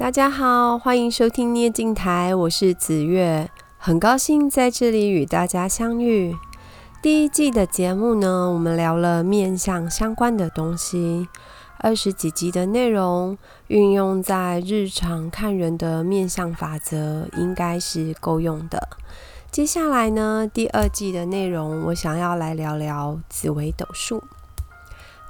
大家好，歡迎收聽捏鏡台，我是紫玥，很高興在這裡與大家相遇。第一季的節目呢，我們聊了面相相關的東西，二十幾集的內容，運用在日常看人的面相法則應該是夠用的。接下來呢，第二季的內容我想要來聊聊紫微斗數。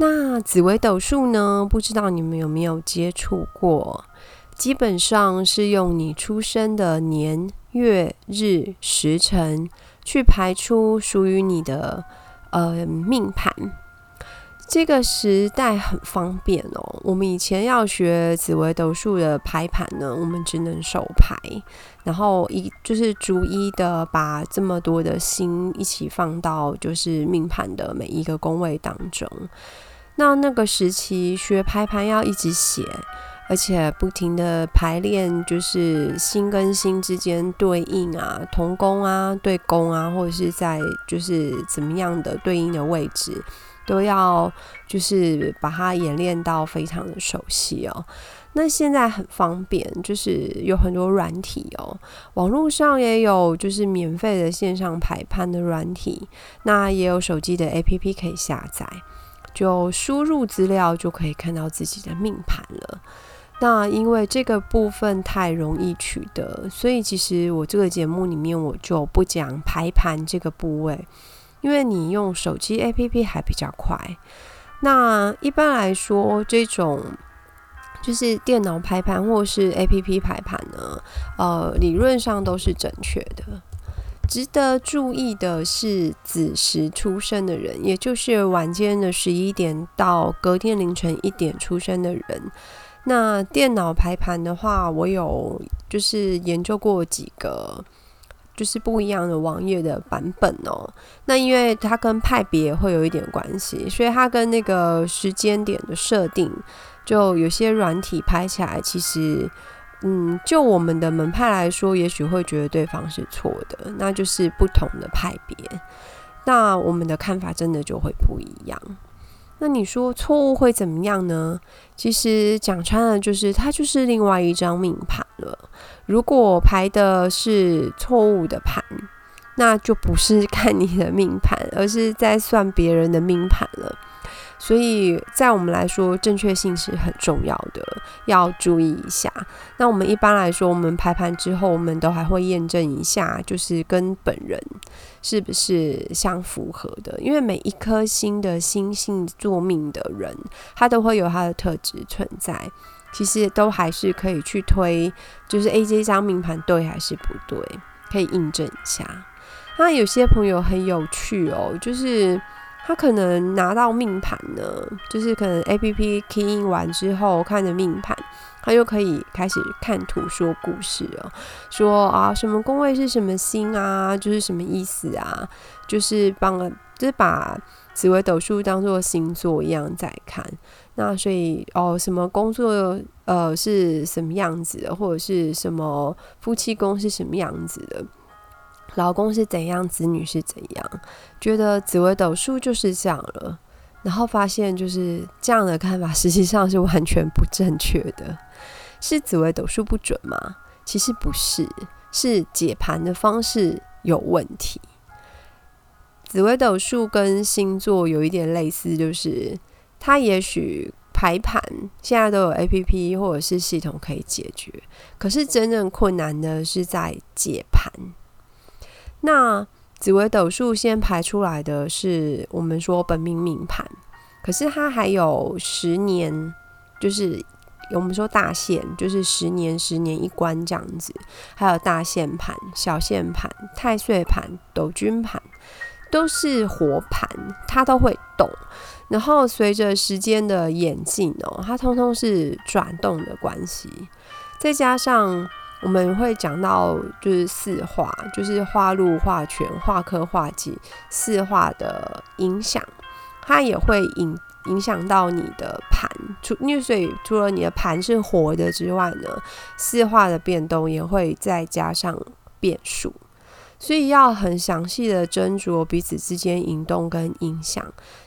那紫微斗數呢，不知道你們有沒有接觸過？基本上是用你出生的年月日時辰去排出屬於你的呃命盤。這個時代很方便哦。我們以前要學紫微斗數的排盤呢，我們只能手排，然後一就是逐一的把這麼多的星一起放到就是命盤的每一個宮位當中。那那個時期學排盤要一直寫。而且不停的排練，就是星跟星之間對應啊，同宮啊，對宮啊，或者是在就是怎麼樣的對應的位置，都要就是把它演練到非常的熟悉哦。那現在很方便，就是有很多軟體哦，網絡上也有就是免費的線上排盤的軟體，那也有手機的 APP 可以下載，就輸入資料就可以看到自己的命盤了。那因為這個部分太容易取得，所以其實我這個節目裡面我就不講排盤這個部位，因為你用手機 APP 還比較快。那一般來說，這種就是電腦排盤或是 APP 排盤呢，呃，理論上都是正確的。值得注意的是，子時出生的人，也就是晚間的十一點到隔天凌晨一點出生的人。那電腦排盤的話，我有就是研究過幾個，就是不一樣的網頁的版本哦、喔。那因為它跟派別會有一點關係，所以它跟那個時間點的設定，就有些軟體排起來，其實，嗯，就我們的門派來說，也許會覺得對方是錯的，那就是不同的派別。那我們的看法真的就會不一樣。那你說錯誤會怎麼樣呢？其實講穿了，就是它就是另外一張命盤了。如果排的是錯誤的盤，那就不是看你的命盤，而是在算別人的命盤了。所以在我們來說，正確性是很重要的，要注意一下。那我們一般來說，我們排盤之後，我們都還會驗證一下，就是跟本人是不是相符合的。因為每一顆星的星性、座命的人，他都會有他的特質存在。其實都還是可以去推，就是 A J 這張命盤對還是不對，可以印證一下。那有些朋友很有趣哦，就是。他可能拿到命盤呢，就是可能 APP key in 完之後，看着命盤，他就可以開始看圖說故事哦，說啊什麼宮位是什麼星啊，就是什麼意思啊，就是幫就是把紫微斗數當做星座一樣在看，那所以哦什麼工作呃是什麼樣子的，或者是什麼夫妻宮是什麼樣子的，老公是怎樣，子女是怎樣，覺得紫微斗數就是這樣了，然後發現就是這樣的看法實際上是完全不正確的，是紫微斗數不準嗎？其實不是，是解盤的方式有問題。紫微斗數跟星座有一點類似，就是它也許排盤現在都有 APP 或者是系統可以解決，可是真正困難的是在解盤。那紫微斗數先排出來的是我們說本命命盤，可是它還有十年，就是我們說大限，就是十年十年一關這樣子，還有大限盤、小限盤、太歲盤、斗君盤，都是活盤，它都會動。然後隨着時間的演進哦、喔，它通通是轉動的關係，再加上。我們會講到，就是四化，就是化祿、化權、化科、化忌、化忌四化的影響，它也會影影響到你的盤。除，因為所以除了你的盤是活的之外呢，四化的變動也會再加上變數。所以要很詳細的斟酌彼此之間引動跟影響，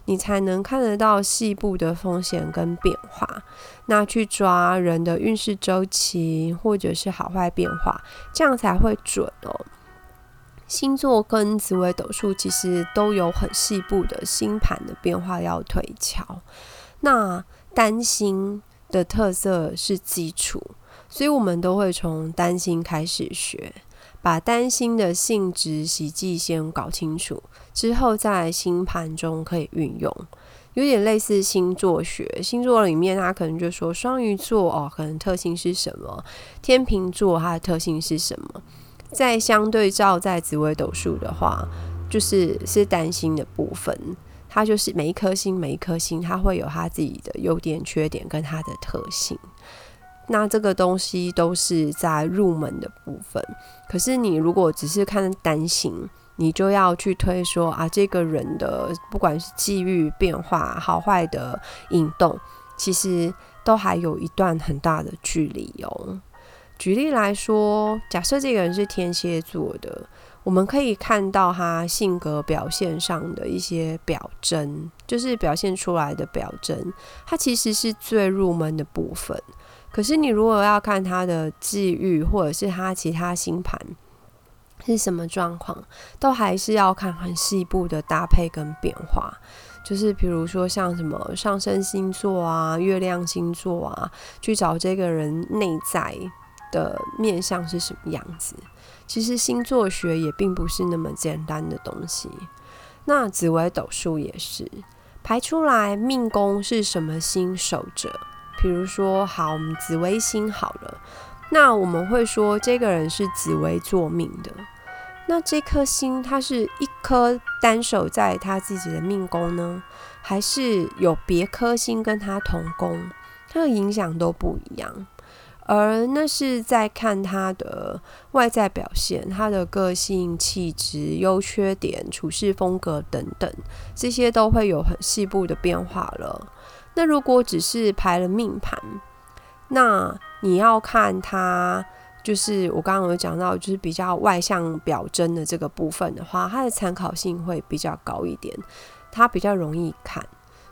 你才能看得到細部的風險跟變化。那去抓人的運勢周期或者是好壞變化，這樣才會準哦。星座跟紫微斗數其實都有很細部的星盤的變化要推敲。那單星的特色是基礎，所以我們都會從單星開始學。把單星的性質、習性先搞清楚，之後在星盤中可以運用，有點類似星座學。星座裡面，他可能就說雙魚座哦，可能特性是什麼？天秤座它的特性是什麼？再相對照，在紫微斗數的話，就是是單星的部分，它就是每一顆星，每一顆星，它會有它自己的優點、缺點跟它的特性。那這個東西都是在入門的部分，可是你如果只是看單行，你就要去推說啊，這個人的不管是際遇變化、好壞的引動，其實都還有一段很大的距離哦。舉例來說，假設這個人是天蠍座的，我們可以看到他性格表現上的一些表徵，就是表現出來的表徵，他其實是最入門的部分。可是你如果要看他的際遇，或者是他其他星盤是什麼狀況，都還是要看很細部的搭配跟變化。就是比如說像什麼上升星座啊、月亮星座啊，去找這個人內在的面相是什麼樣子。其實星座學也並不是那麼簡單的東西。那紫微斗數也是排出來命宮是什麼星守著。比如說，好，我們紫微星好了，那我們會說這個人是紫微坐命的。那這顆星，它是一顆單守在他自己的命宮呢，還是有別顆星跟他同宮？它的影響都不一樣。而那是在看他的外在表現、他的個性、氣質、優缺點、處事風格等等，這些都會有很細部的變化了。那如果只是排了命盤，那你要看它，就是我剛剛有講到，就是比較外向表徵的這個部分的話，它的參考性會比較高一點，它比較容易看。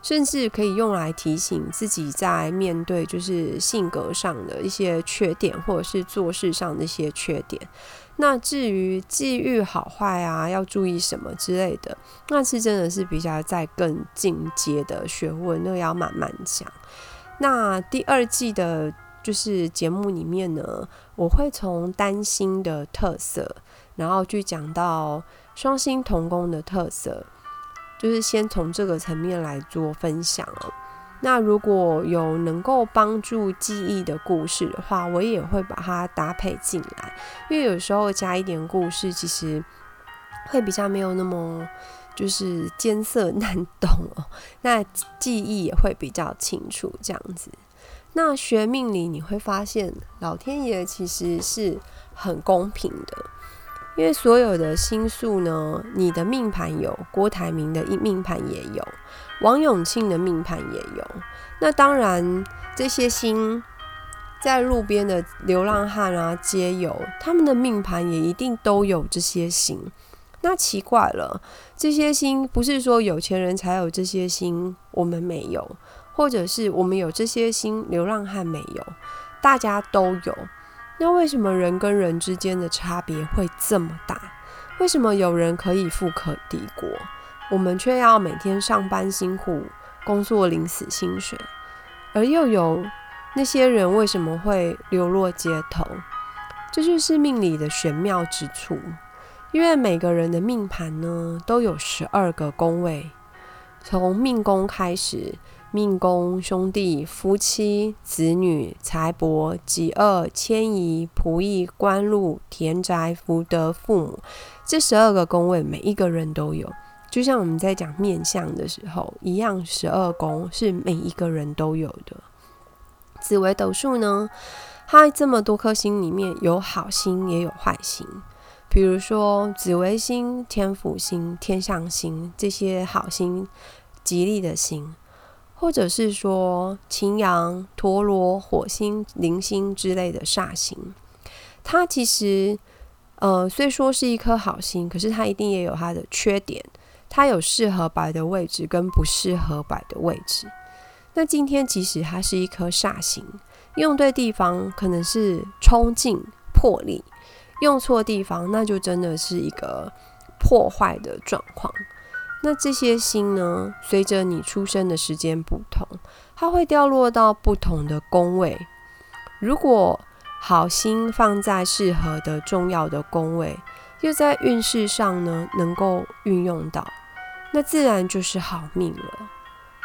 甚至可以用來提醒自己，在面對就是性格上的一些缺點，或者是做事上的一些缺點。那至於際遇好壞啊，要注意什麼之類的，那是真的是比較在更進階的學問，那個，要慢慢講。那第二季的就是節目裡面呢，我會從單星的特色，然後去講到雙星同宮的特色。就是先從這個層面來做分享哦、啊。那如果有能夠幫助記憶的故事的話，我也會把它搭配進來，因為有時候加一點故事，其實會比較沒有那麼就是艱澀難懂哦、啊。那記憶也會比較清楚這樣子。那學命理你會發現，老天爺其實是很公平的。因為所有的星宿呢，你的命盤有，郭台銘的命盤也有，王永慶的命盤也有。那當然，這些星在路邊的流浪漢啊，街友，他們的命盤也一定都有這些星。那奇怪了，這些星不是說有錢人才有這些星，我們沒有，或者是我們有這些星，流浪漢沒有，大家都有。那為什麼人跟人之間的差別會這麼大？為什麼有人可以富可敵國，我們卻要每天上班辛苦工作，領死薪水？而又有那些人為什麼會流落街頭？這就是命理的玄妙之處。因為每個人的命盤呢，都有十二個宮位，從命宮開始。命宮、兄弟、夫妻、子女、財帛、疾厄、遷移、僕役、官祿、田宅、福德、父母，這十二個宮位，每一個人都有。就像我們在講面相的時候一樣，十二宮是每一個人都有的。紫微斗數呢，它這麼多顆星裡面，有好星也有壞星。比如說紫微星、天府星、天相星這些好星、吉利的星。或者是說，擎羊、陀羅、火星、鈴星之類的煞星，它其實呃，雖說是一顆好星，可是它一定也有它的缺點。它有適合擺的位置，跟不適合擺的位置。那今天即使它是一顆煞星，用對地方可能是衝勁、魄力；用錯地方，那就真的是一個破壞的狀況。那這些星呢？隨着你出生的時間不同，它會掉落到不同的宮位。如果好星放在適合的、重要的宮位，又在運勢上呢，能夠運用到，那自然就是好命了。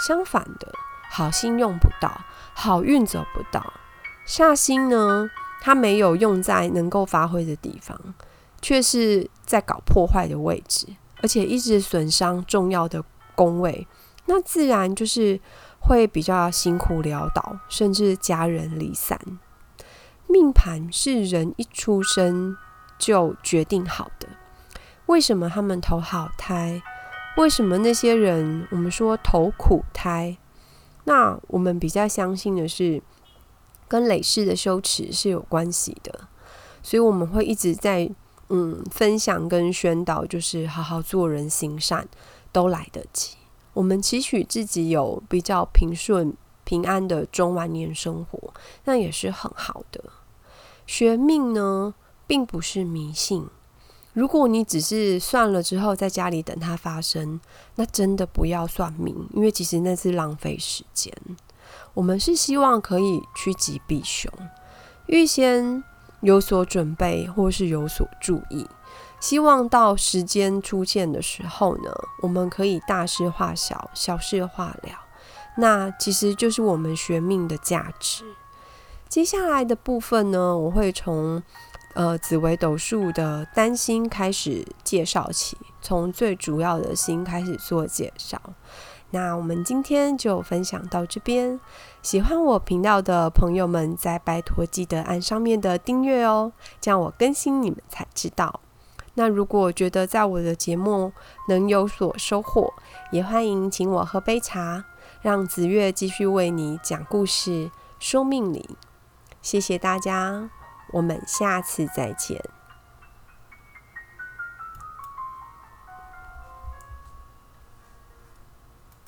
相反的，好星用不到，好運走不到；煞星呢，它沒有用在能夠發揮的地方，卻是在搞破壞的位置。而且一直損傷重要的宮位，那自然就是會比較辛苦潦倒，甚至家人離散。命盤是人一出生就決定好的，為什麼他們投好胎？為什麼那些人我們說投苦胎？那我們比較相信的是，跟累世的修持是有關係的，所以我們會一直在。嗯，分享跟宣導就是好好做人行善都來得及。我們期許自己有比較平順平安的中晚年生活，那也是很好的。學命呢，並不是迷信。如果你只是算了之後在家裡等它發生，那真的不要算命，因為其實那是浪費時間。我們是希望可以趨吉避凶，預先。有所準備，或是有所注意，希望到時間出現的時候呢，我們可以大事化小，小事化了。那其實就是我們學命的價值。接下來的部分呢，我會從呃紫微斗數的單星開始介紹起，從最主要的星開始做介紹。那我們今天就分享到這邊。喜歡我頻道的朋友們，再拜托記得按上面的訂閱哦，這樣我更新你們才知道。那如果覺得在我的節目能有所收穫，也歡迎請我喝杯茶，讓紫玥繼續為你講故事說命理。謝謝大家，我們下次再見。